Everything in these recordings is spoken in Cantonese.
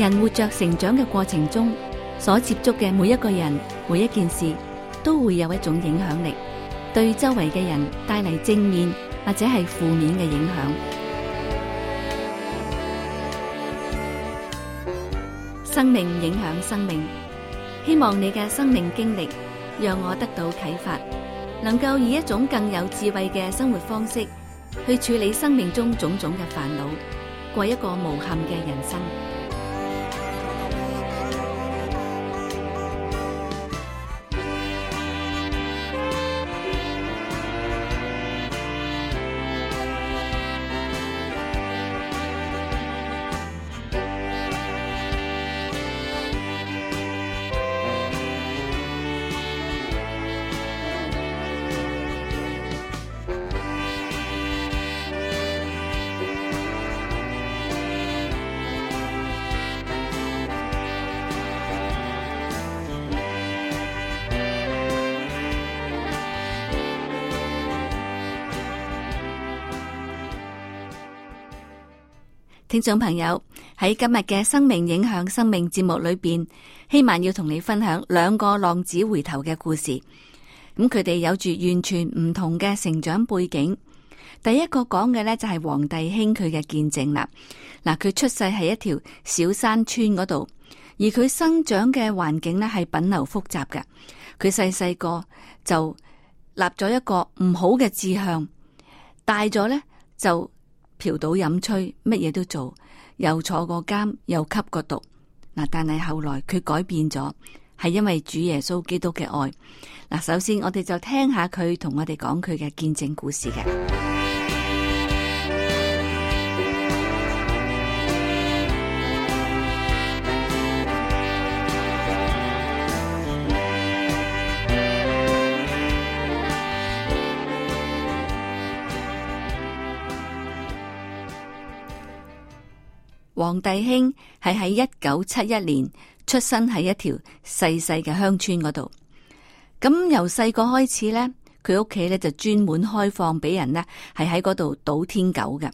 人活着成長嘅過程中，所接觸嘅每一個人、每一件事，都會有一種影響力，對周圍嘅人帶嚟正面或者係負面嘅影響。生命影響生命，希望你嘅生命經歷讓我得到啟發，能夠以一種更有智慧嘅生活方式去處理生命中種種嘅煩惱，過一個無憾嘅人生。聽眾朋友，喺今日嘅生命影響生命節目裏邊，希望要同你分享兩個浪子回頭嘅故事。咁佢哋有住完全唔同嘅成長背景。第一個講嘅呢，就係黃帝兄佢嘅見證啦。嗱，佢出世喺一條小山村嗰度，而佢生長嘅環境呢，係品流複雜嘅。佢細細個就立咗一個唔好嘅志向，大咗呢就。嫖賭飲吹，乜嘢都做，又坐過監，又吸過毒。嗱，但係後來佢改變咗，係因為主耶穌基督嘅愛。嗱，首先我哋就聽下佢同我哋講佢嘅見證故事嘅。黃帝興係喺一九七一年出生喺一條細細嘅鄉村嗰度，咁由細個開始咧，佢屋企咧就專門開放俾人呢係喺嗰度賭天狗嘅，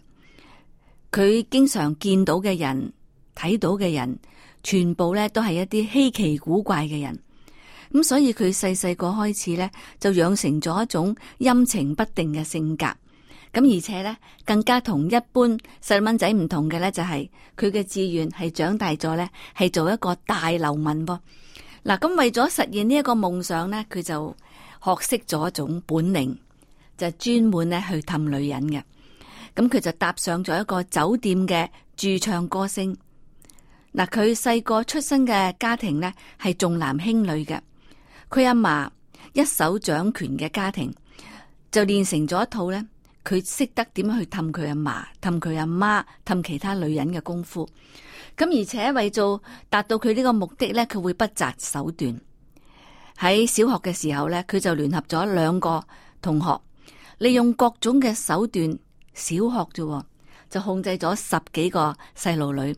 佢經常見到嘅人睇到嘅人，全部咧都係一啲稀奇古怪嘅人，咁所以佢細細個開始咧就養成咗一種陰晴不定嘅性格。咁而且咧，更加同一般細蚊仔唔同嘅咧，就係佢嘅志願係長大咗咧，係做一個大流氓。嗱，咁為咗實現呢一個夢想咧，佢就學識咗一種本領，就專門咧去氹女人嘅。咁佢就搭上咗一個酒店嘅駐唱歌星。嗱，佢細個出生嘅家庭咧係重男輕女嘅，佢阿嫲一手掌權嘅家庭，就練成咗一套咧。佢識得點樣去氹佢阿嫲，氹佢阿媽，氹其他女人嘅功夫，咁而且為做達到佢呢個目的咧，佢會不擇手段。喺小學嘅時候咧，佢就聯合咗兩個同學，利用各種嘅手段，小學啫，就控制咗十幾個細路女。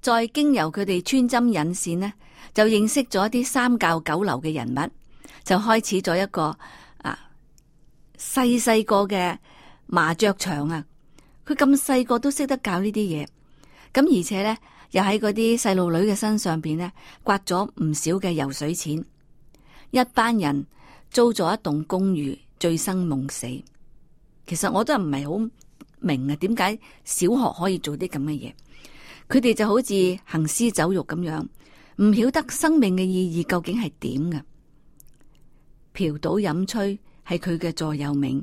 再經由佢哋穿針引線呢，就認識咗一啲三教九流嘅人物，就開始咗一個啊細細個嘅。麻雀場啊，佢咁細個都識得教呢啲嘢，咁而且咧又喺嗰啲細路女嘅身上邊咧刮咗唔少嘅油水錢。一班人租咗一棟公寓，醉生夢死。其實我都唔係好明啊，點解小學可以做啲咁嘅嘢？佢哋就好似行屍走肉咁樣，唔曉得生命嘅意義究竟係點嘅。嫖賭飲吹係佢嘅座右銘，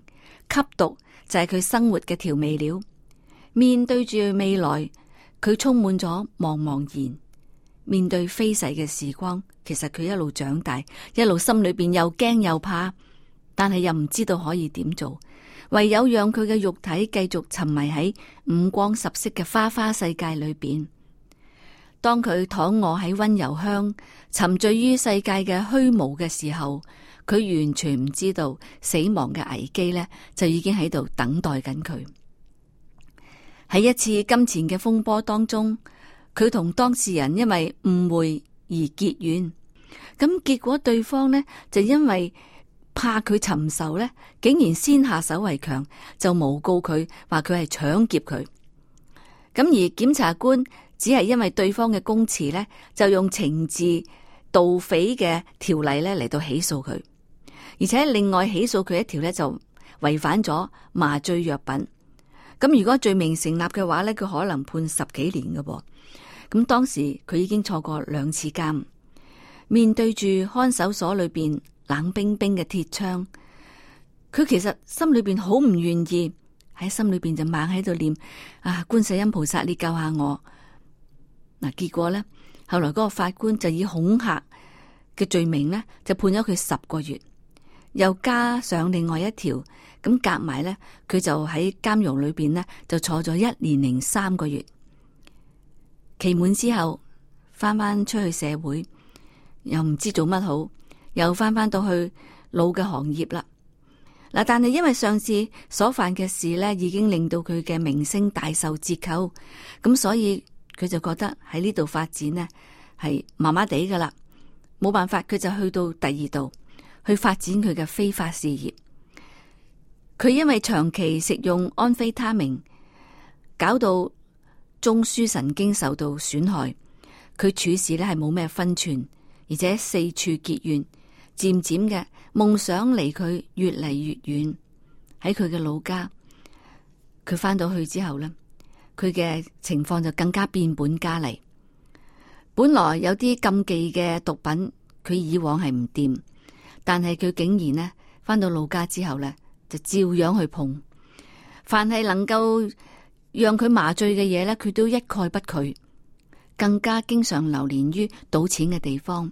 吸毒。就係佢生活嘅調味料。面對住未來，佢充滿咗茫茫然。面對飛逝嘅時光，其實佢一路長大，一路心裏邊又驚又怕，但係又唔知道可以點做，唯有讓佢嘅肉體繼續沉迷喺五光十色嘅花花世界裏邊。當佢躺臥喺溫柔鄉，沉醉於世界嘅虛無嘅時候。佢完全唔知道死亡嘅危機咧，就已經喺度等待緊佢。喺一次金錢嘅風波當中，佢同當事人因為誤會而結怨，咁結果對方呢，就因為怕佢尋仇咧，竟然先下手為強，就誣告佢話佢係搶劫佢。咁而檢察官只係因為對方嘅供詞咧，就用懲治盜匪嘅條例咧嚟到起訴佢。而且另外起訴佢一條咧，就違反咗麻醉藥品。咁如果罪名成立嘅話咧，佢可能判十幾年㗎噃。咁當時佢已經坐過兩次監，面對住看守所裏邊冷冰冰嘅鐵窗，佢其實心裏邊好唔願意，喺心裏邊就猛喺度念：，啊觀世音菩薩，你救下我！嗱，結果咧，後來嗰個法官就以恐嚇嘅罪名咧，就判咗佢十個月。又加上另外一條，咁夾埋咧，佢就喺監獄裏邊咧，就坐咗一年零三個月。期滿之後，返返出去社會，又唔知做乜好，又返返到去老嘅行業啦。嗱，但係因為上次所犯嘅事咧，已經令到佢嘅名聲大受折扣，咁所以佢就覺得喺呢度發展呢，係麻麻地噶啦，冇辦法，佢就去到第二度。去發展佢嘅非法事業。佢因為長期食用安非他命，搞到中樞神經受到損害。佢處事呢係冇咩分寸，而且四處結怨，漸漸嘅夢想離佢越嚟越遠。喺佢嘅老家，佢翻到去之後呢，佢嘅情況就更加變本加厲。本來有啲禁忌嘅毒品，佢以往係唔掂。但係佢竟然咧，翻到老家之後呢就照樣去碰。凡係能夠讓佢麻醉嘅嘢呢，佢都一概不拒，更加經常流連於賭錢嘅地方。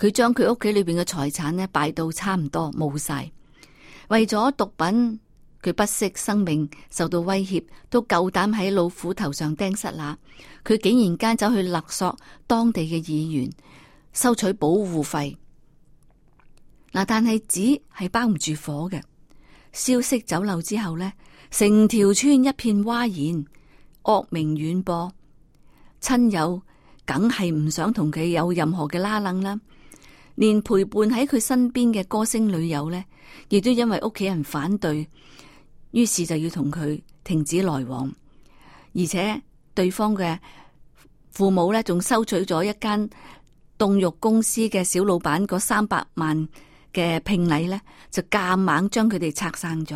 佢將佢屋企裏邊嘅財產呢，擺到差唔多冇晒。為咗毒品，佢不惜生命受到威脅，都夠膽喺老虎頭上釘蝨乸。佢竟然間走去勒索當地嘅議員，收取保護費。嗱，但係紙係包唔住火嘅，消息走漏之後呢，成條村一片嘩然，惡名遠播。親友梗係唔想同佢有任何嘅拉楞啦，連陪伴喺佢身邊嘅歌星女友呢，亦都因爲屋企人反對，於是就要同佢停止來往，而且對方嘅父母呢，仲收取咗一間凍肉公司嘅小老闆嗰三百萬。嘅聘禮咧，就夾硬將佢哋拆散咗。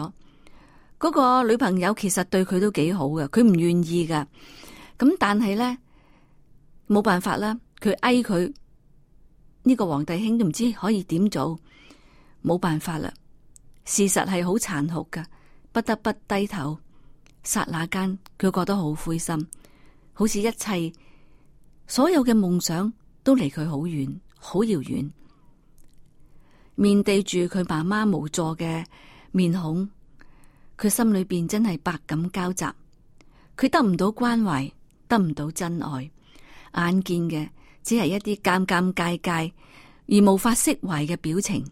嗰、那個女朋友其實對佢都幾好嘅，佢唔願意噶。咁但係咧，冇辦法啦。佢哎，佢、這、呢個皇帝兄都唔知可以點做，冇辦法啦。事實係好殘酷噶，不得不低頭。剎那間，佢覺得好灰心，好似一切所有嘅夢想都離佢好遠，好遙遠。面對住佢爸媽無助嘅面孔，佢心裏邊真係百感交集。佢得唔到關懷，得唔到真愛，眼見嘅只係一啲尷尷尬尬而無法釋懷嘅表情，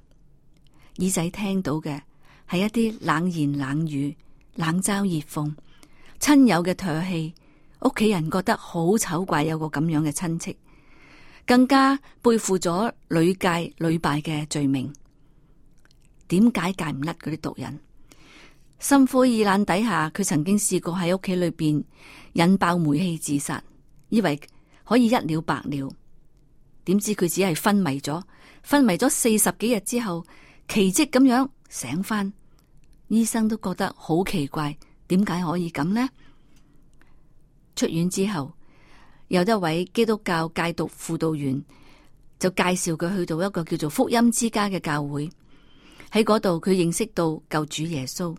耳仔聽到嘅係一啲冷言冷語、冷嘲熱諷，親友嘅唾棄，屋企人覺得好醜怪，有個咁樣嘅親戚。更加背負咗屢戒屢敗嘅罪名，點解戒唔甩嗰啲毒癮？心灰意冷底下，佢曾經試過喺屋企裏邊引爆煤氣自殺，以為可以一了百了。點知佢只係昏迷咗，昏迷咗四十幾日之後，奇蹟咁樣醒翻。醫生都覺得好奇怪，點解可以咁呢？出院之後，有一位基督教戒毒輔導員就介紹佢去到一個叫做福音之家嘅教會，喺嗰度佢認識到救主耶穌，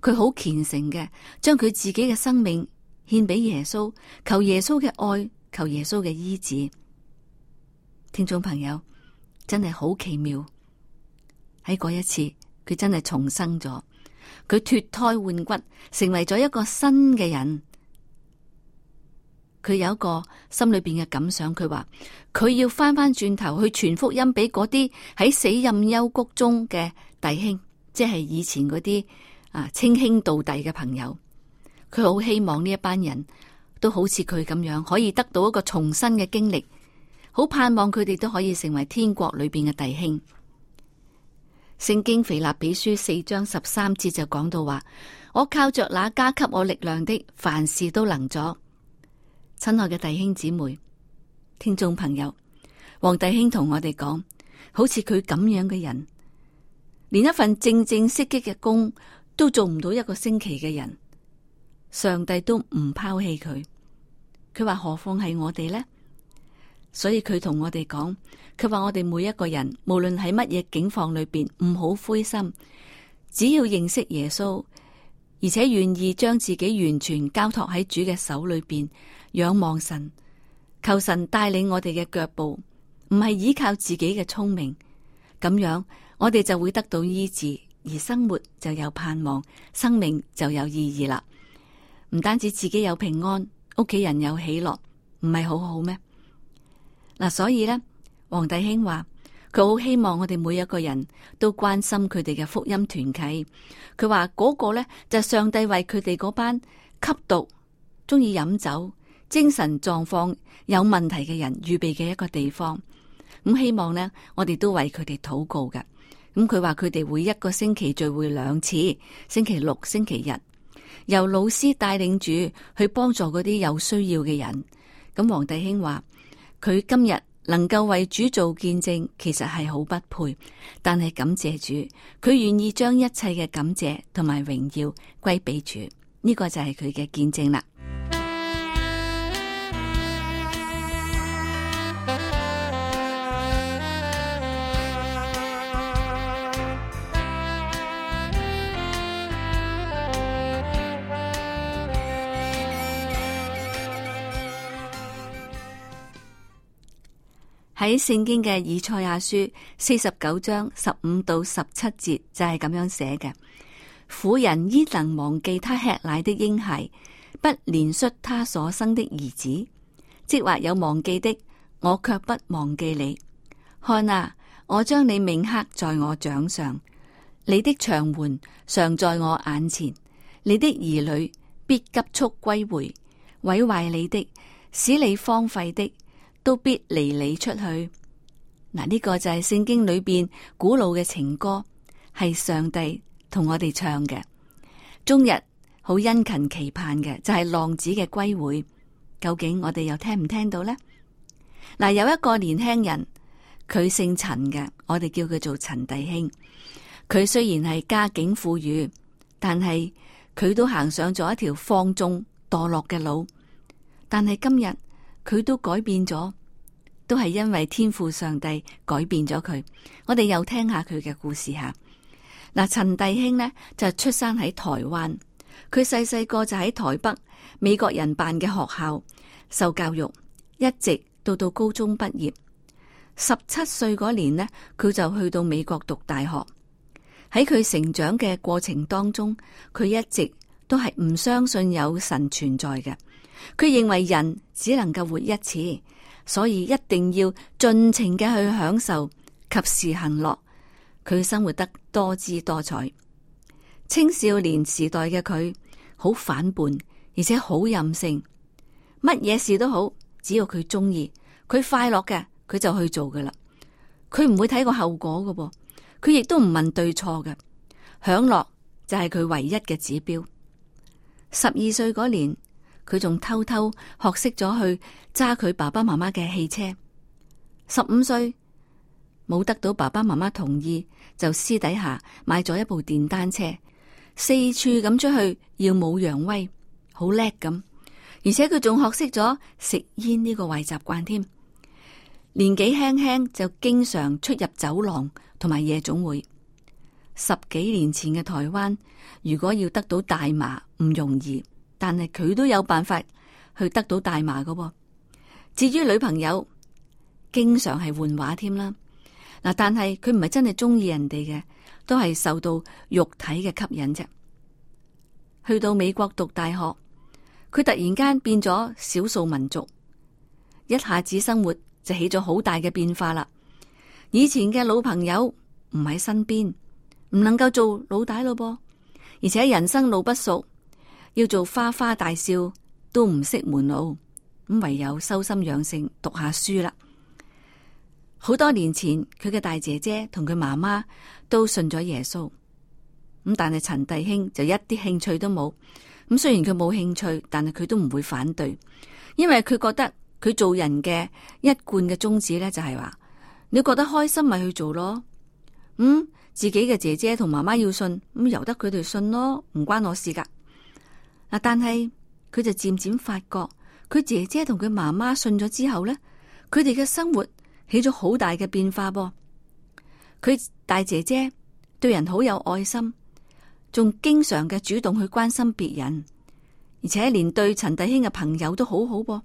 佢好虔誠嘅，將佢自己嘅生命獻俾耶穌，求耶穌嘅愛，求耶穌嘅醫治。聽眾朋友，真係好奇妙！喺嗰一次，佢真係重生咗，佢脫胎換骨，成為咗一個新嘅人。佢有一個心裏邊嘅感想，佢話佢要翻翻轉頭去傳福音俾嗰啲喺死蔭幽谷中嘅弟兄，即係以前嗰啲啊稱兄道弟嘅朋友，佢好希望呢一班人都好似佢咁樣，可以得到一個重新嘅經歷，好盼望佢哋都可以成為天國裏邊嘅弟兄。聖經腓立比書四章十三節就講到話：，我靠着那加給我力量的，凡事都能做。親愛嘅弟兄姊妹、聽眾朋友，黃弟兄同我哋講，好似佢咁樣嘅人，連一份正正式式嘅工都做唔到一個星期嘅人，上帝都唔拋棄佢。佢話何況係我哋呢？」所以佢同我哋講，佢話我哋每一個人，無論喺乜嘢境況裏邊，唔好灰心，只要認識耶穌，而且願意將自己完全交託喺主嘅手裏邊。仰望神，求神帶領我哋嘅腳步，唔係依靠自己嘅聰明，咁樣我哋就會得到醫治，而生活就有盼望，生命就有意義啦。唔單止自己有平安，屋企人有喜樂，唔係好好咩？嗱、啊，所以咧，黃弟兄話佢好希望我哋每一個人都關心佢哋嘅福音團契。佢話嗰個咧就是，上帝為佢哋嗰班吸毒，中意飲酒。精神狀況有問題嘅人預備嘅一個地方，咁希望呢，我哋都為佢哋禱告嘅。咁佢話佢哋會一個星期聚會兩次，星期六、星期日，由老師帶領住去幫助嗰啲有需要嘅人。咁黃弟兄話，佢今日能夠為主做見證，其實係好不配，但係感謝主，佢願意將一切嘅感謝同埋榮耀歸俾主，呢個就係佢嘅見證啦。喺聖經嘅以賽亞書四十九章十五到十七節就係咁樣寫嘅：婦人焉能忘記他吃奶的嬰孩，不憐恤他所生的兒子，即或有忘記的，我卻不忘記你。看啊，我將你銘刻在我掌上，你的牆垣常在我眼前，你的兒女必急速歸回，毀壞你的，使你荒廢的，都必離你出去，嗱、這、呢個就係聖經裏邊古老嘅情歌，係上帝同我哋唱嘅，終日好殷勤期盼嘅就係、是、浪子嘅歸回，究竟我哋又聽唔聽到呢？嗱、啊，有一個年輕人，佢姓陳嘅，我哋叫佢做陳弟兄，佢雖然係家境富裕，但係佢都行上咗一條放縱墮落嘅路，但係今日。佢都改變咗，都係因為天父上帝改變咗佢。我哋又聽下佢嘅故事吓。嗱，陳弟兄呢就出生喺台灣，佢細細個就喺台北美國人辦嘅學校受教育，一直到到高中畢業。十七歲嗰年呢，佢就去到美國讀大學。喺佢成長嘅過程當中，佢一直都係唔相信有神存在嘅。佢認為人只能夠活一次，所以一定要盡情嘅去享受，及時行樂。佢生活得多姿多彩。青少年時代嘅佢好反叛，而且好任性，乜嘢事都好，只要佢中意，佢快樂嘅，佢就去做㗎喇。佢唔會睇個後果㗎喎，佢亦都唔問對錯嘅，享樂就係佢唯一嘅指標。十二歲嗰年。佢仲偷偷學識咗去揸佢爸爸媽媽嘅汽車，十五歲冇得到爸爸媽媽同意就私底下買咗一部電單車，四處咁出去耀武揚威，好叻咁，而且佢仲學識咗食煙呢個壞習慣添。年紀輕輕就經常出入走廊同埋夜總會。十幾年前嘅台灣，如果要得到大麻唔容易。但係佢都有辦法去得到大麻㗎。至於女朋友，經常係換畫添啦。嗱，但係佢唔係真係中意人哋嘅，都係受到肉體嘅吸引啫。去到美國讀大學，佢突然間變咗少數民族，一下子生活就起咗好大嘅變化啦。以前嘅老朋友唔喺身邊，唔能夠做老大咯噃，而且人生路不熟，要做花花大少都唔識門路，咁唯有修心養性，讀下書啦。好多年前，佢嘅大姐姐同佢媽媽都信咗耶穌，咁但係陳弟兄就一啲興趣都冇。咁雖然佢冇興趣，但係佢都唔會反對，因為佢覺得佢做人嘅一貫嘅宗旨咧就係話，你覺得開心咪去做咯。嗯，自己嘅姐姐同媽媽要信咁，由得佢哋信咯，唔關我事噶。嗱，但係佢就漸漸發覺，佢姐姐同佢媽媽信咗之後咧，佢哋嘅生活起咗好大嘅變化噃。佢大姐姐對人好有愛心，仲經常嘅主動去關心別人，而且連對陳弟兄嘅朋友都好好噃。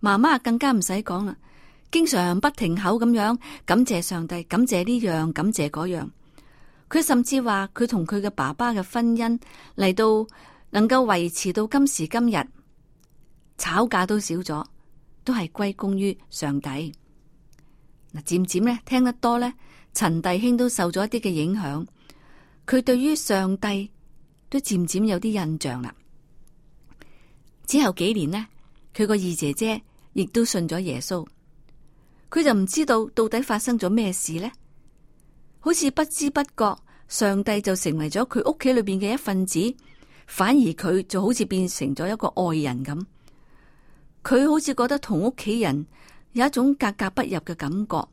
媽媽更加唔使講啦，經常不停口咁樣感謝上帝，感謝呢樣，感謝嗰樣。佢甚至話佢同佢嘅爸爸嘅婚姻嚟到。能夠維持到今時今日，吵架都少咗，都係歸功於上帝。嗱，漸漸咧聽得多咧，陳弟兄都受咗一啲嘅影響，佢對於上帝都漸漸有啲印象啦。之後幾年呢，佢個二姐姐亦都信咗耶穌，佢就唔知道到底發生咗咩事呢？好似不知不覺，上帝就成為咗佢屋企裏邊嘅一份子。反而佢就好似變成咗一個外人咁，佢好似覺得同屋企人有一種格格不入嘅感覺，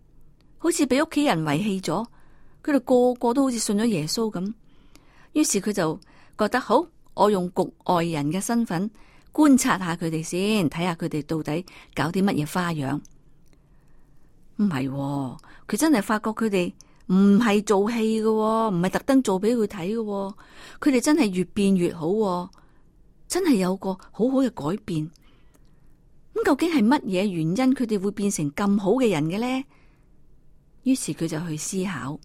好似俾屋企人遺棄咗。佢哋個個都好似信咗耶穌咁，於是佢就覺得好，我用局外人嘅身份觀察下佢哋先，睇下佢哋到底搞啲乜嘢花樣。唔係喎，佢真係發覺佢哋。唔係做戲嘅，唔係特登做俾佢睇嘅，佢哋真係越變越好，真係有個好好嘅改變。咁究竟係乜嘢原因，佢哋會變成咁好嘅人嘅咧？於是佢就去思考，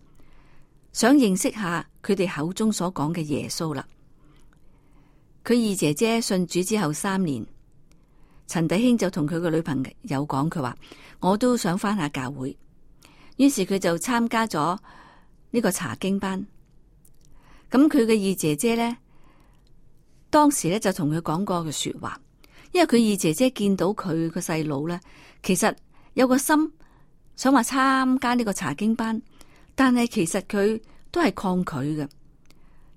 想認識下佢哋口中所講嘅耶穌啦。佢二姐姐信主之後三年，陳弟兄就同佢個女朋友講，佢話我都想翻下教會。於是佢就參加咗呢個查經班。咁佢嘅二姐姐咧，當時咧就同佢講過嘅説話，因為佢二姐姐見到佢個細佬咧，其實有個心想話參加呢個查經班，但係其實佢都係抗拒嘅，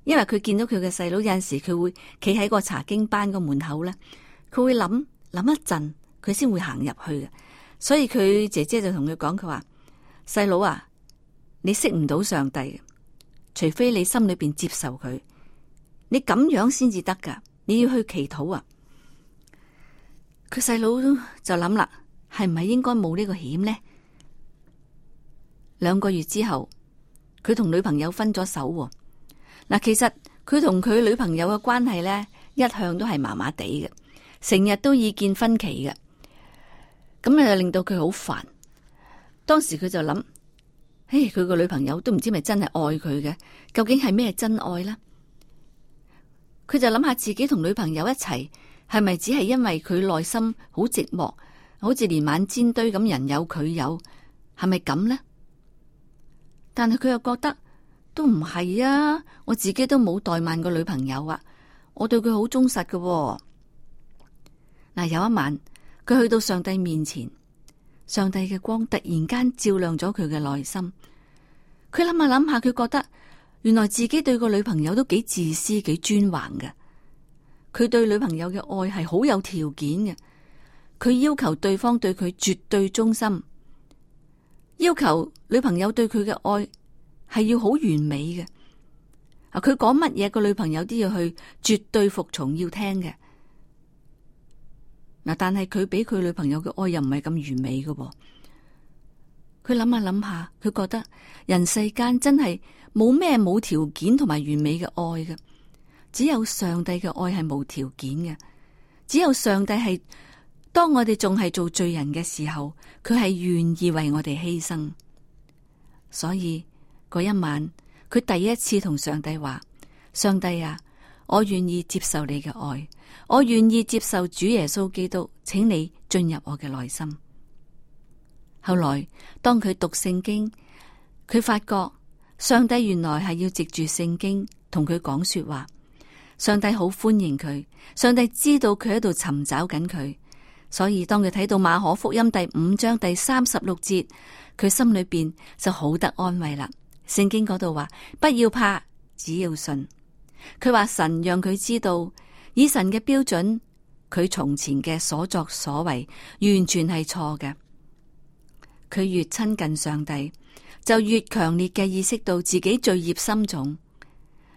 因為佢見到佢嘅細佬有陣時，佢會企喺個查經班個門口咧，佢會諗諗一陣，佢先會行入去嘅。所以佢姐姐就同佢講，佢話。細佬啊，你識唔到上帝，除非你心裏邊接受佢，你咁樣先至得噶。你要去祈禱啊！佢細佬就諗啦，係唔係應該冒呢個險呢？兩個月之後，佢同女朋友分咗手喎。嗱，其實佢同佢女朋友嘅關係呢，一向都係麻麻地嘅，成日都意見分歧嘅，咁啊令到佢好煩。當時佢就諗，誒，佢個女朋友都唔知咪真係愛佢嘅，究竟係咩真愛呢？佢就諗下自己同女朋友一齊，係咪只係因為佢內心好寂寞，好似年晚煎堆咁人有佢有，係咪咁呢？但係佢又覺得都唔係啊，我自己都冇怠慢個女朋友啊，我對佢好忠實噶、啊。嗱、啊，有一晚佢去到上帝面前。上帝嘅光突然間照亮咗佢嘅內心，佢諗下諗下，佢覺得原來自己對個女朋友都幾自私、幾專橫嘅。佢對女朋友嘅愛係好有條件嘅，佢要求對方對佢絕對忠心，要求女朋友對佢嘅愛係要好完美嘅。啊，佢講乜嘢個女朋友都要去絕對服從，要聽嘅。但係佢俾佢女朋友嘅愛又唔係咁完美嘅，哦，佢諗下諗下，佢覺得人世間真係冇咩冇條件同埋完美嘅愛嘅，只有上帝嘅愛係冇條件嘅，只有上帝係當我哋仲係做罪人嘅時候，佢係願意為我哋犧牲。所以嗰一晚，佢第一次同上帝話：上帝啊！我願意接受你嘅愛，我願意接受主耶穌基督，請你進入我嘅內心。後來，當佢讀聖經，佢發覺上帝原來係要藉住聖經同佢講說話。上帝好歡迎佢，上帝知道佢喺度尋找緊佢，所以當佢睇到馬可福音第五章第三十六節，佢心裡面就好得安慰啦。聖經嗰度話：不要怕，只要信。佢話神讓佢知道，以神嘅標準，佢從前嘅所作所為完全係錯嘅。佢越親近上帝，就越強烈嘅意識到自己罪孽深重。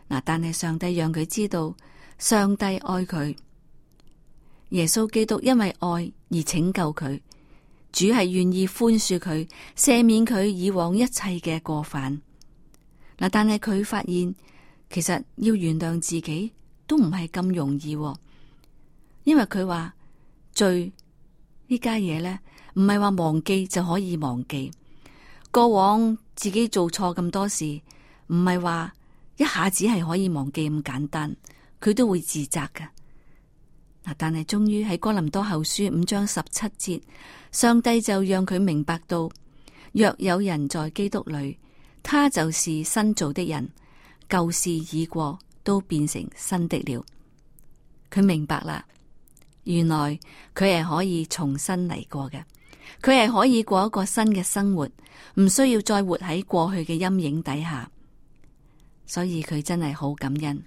嗱，但係上帝讓佢知道，上帝愛佢，耶穌基督因為愛而拯救佢，主係願意寬恕佢、赦免佢以往一切嘅過犯。嗱，但係佢發現。其實要原諒自己都唔係咁容易，哦，因為佢話罪呢家嘢呢，唔係話忘記就可以忘記過往自己做錯咁多事，唔係話一下子係可以忘記咁簡單，佢都會自責噶。嗱，但係終於喺哥林多後書五章十七節，上帝就讓佢明白到，若有人在基督裏，他就是新造的人。舊事已過，都變成新的了。佢明白啦，原來佢係可以重新嚟過嘅，佢係可以過一個新嘅生活，唔需要再活喺過去嘅陰影底下。所以佢真係好感恩。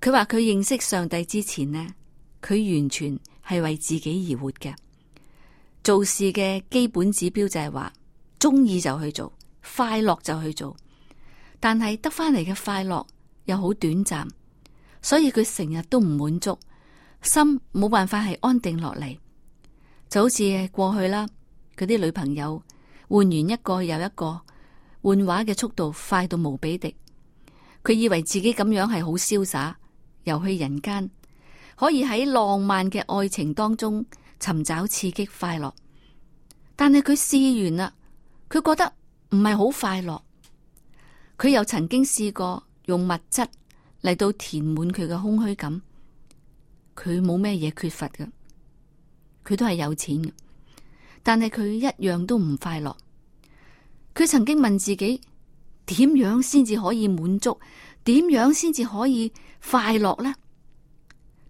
佢話佢認識上帝之前呢，佢完全係為自己而活嘅，做事嘅基本指標就係話，中意就去做，快樂就去做。但係得翻嚟嘅快樂又好短暫，所以佢成日都唔滿足，心冇辦法係安定落嚟，就好似過去啦。佢啲女朋友換完一個又一個，換畫嘅速度快到無比的。佢以為自己咁樣係好瀟灑，游去人間，可以喺浪漫嘅愛情當中尋找刺激快樂。但係佢試完啦，佢覺得唔係好快樂。佢又曾經試過用物質嚟到填滿佢嘅空虛感，佢冇咩嘢缺乏嘅，佢都係有錢嘅，但係佢一樣都唔快樂。佢曾經問自己，點樣先至可以滿足？點樣先至可以快樂呢？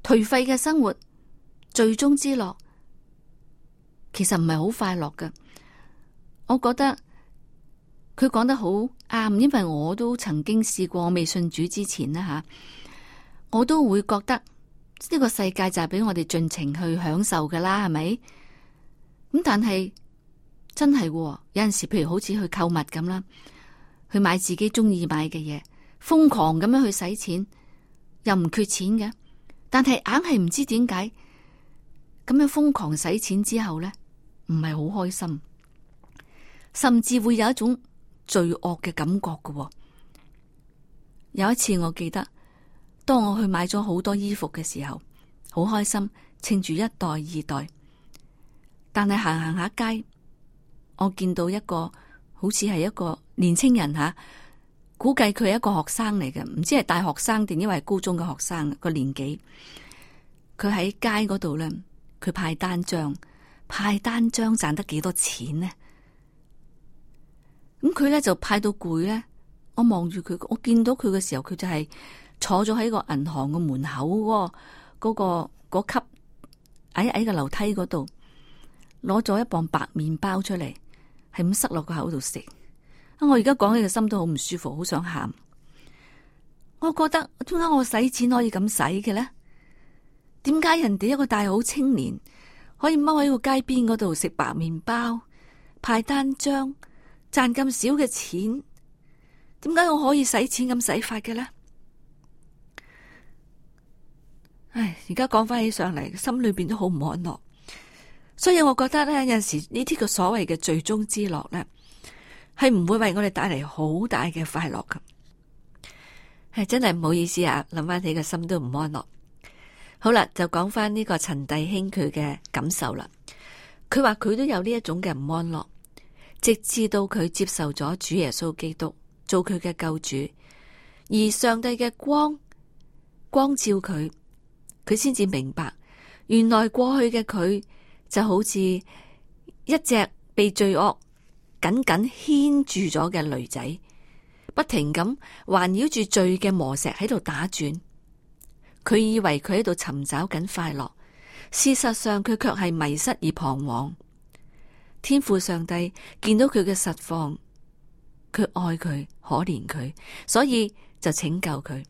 頹廢嘅生活，最終之樂，其實唔係好快樂㗎。我覺得。佢講得好啱，因為我都曾經試過我未信主之前啦，吓、啊、我都會覺得呢個世界就係俾我哋盡情去享受噶啦，係咪？咁但係真係、哦、有陣時，譬如好似去購物咁啦，去買自己中意買嘅嘢，瘋狂咁樣去使錢，又唔缺錢嘅，但係硬係唔知點解咁樣瘋狂使錢之後咧，唔係好開心，甚至會有一種，罪惡嘅感覺嘅、哦，有一次我記得，當我去買咗好多衣服嘅時候，好開心，稱住一代二代。但係行行下街，我見到一個好似係一個年輕人吓，估計佢係一個學生嚟嘅，唔知係大學生定因為高中嘅學生個年紀。佢喺街嗰度咧，佢派單張，派單張賺得幾多錢呢？咁佢咧就派到攰咧。我望住佢，我見到佢嘅時候，佢就係坐咗喺個銀行嘅門口嗰個嗰個嗰級矮矮嘅樓梯嗰度，攞咗一磅白麵包出嚟，係咁塞落個口度食。啊，我而家講起個心都好唔舒服，好想喊。我覺得點解我使錢可以咁使嘅咧？點解人哋一個大好青年可以踎喺個街邊嗰度食白麵包派單張？賺咁少嘅錢，點解我可以使錢咁使法嘅呢？唉，而家講翻起上嚟，心裏邊都好唔安樂。所以我覺得咧，有陣時呢啲個所謂嘅最終之樂咧，係唔會為我哋帶嚟好大嘅快樂㗎。係真係唔好意思啊，諗翻起個心都唔安樂。好啦，就講翻呢個陳弟兄佢嘅感受啦。佢話佢都有呢一種嘅唔安樂。直至到佢接受咗主耶穌基督做佢嘅救主，而上帝嘅光光照佢，佢先至明白，原來過去嘅佢就好似一隻被罪惡緊緊牽住咗嘅女仔，不停咁環繞住罪嘅磨石喺度打轉。佢以爲佢喺度尋找緊快樂，事實上佢卻係迷失而彷徨。天父上帝見到佢嘅實況，佢愛佢可憐佢，所以就拯救佢。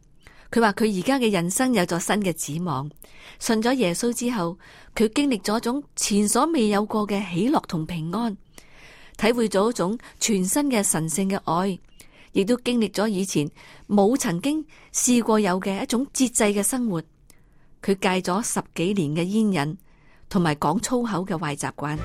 佢話佢而家嘅人生有咗新嘅指望，信咗耶穌之後，佢經歷咗種前所未有過嘅喜樂同平安，體會咗一種全新嘅神聖嘅愛，亦都經歷咗以前冇曾經試過有嘅一種節制嘅生活。佢戒咗十幾年嘅煙癮，同埋講粗口嘅壞習慣。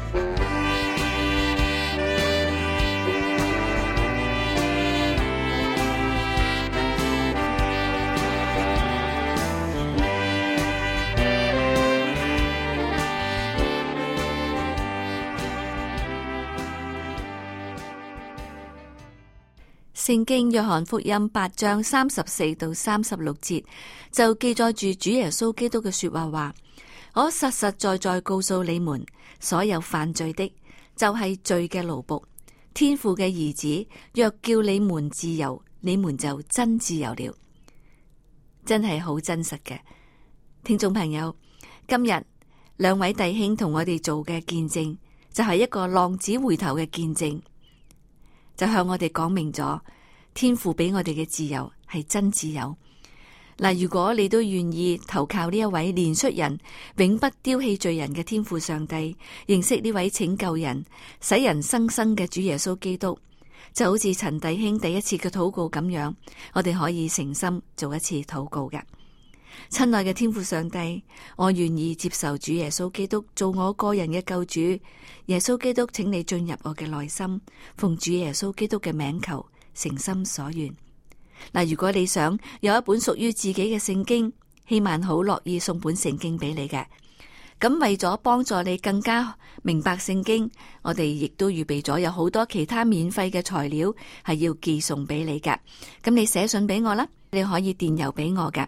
聖經約翰福音八章三十四到三十六節就記載住主耶穌基督嘅說話話：我實實在在告訴你們，所有犯罪的就係、是、罪嘅奴僕。天父嘅兒子若叫你們自由，你們就真自由了。真係好真實嘅。聽眾朋友，今日兩位弟兄同我哋做嘅見證就係、是、一個浪子回頭嘅見證。就向我哋講明咗，天父俾我哋嘅自由係真自由。嗱，如果你都願意投靠呢一位憐恤人、永不丟棄罪人嘅天父上帝，認識呢位拯救人、使人生生嘅主耶穌基督，就好似陳弟兄第一次嘅禱告咁樣，我哋可以誠心做一次禱告嘅。親愛嘅天父上帝，我願意接受主耶穌基督做我個人嘅救主。耶穌基督，請你進入我嘅內心，奉主耶穌基督嘅名求，誠心所願。嗱，如果你想有一本屬於自己嘅聖經，希望好樂意送本聖經俾你嘅。咁為咗幫助你更加明白聖經，我哋亦都預備咗有好多其他免費嘅材料係要寄送俾你噶。咁你寫信俾我啦，你可以電郵俾我噶。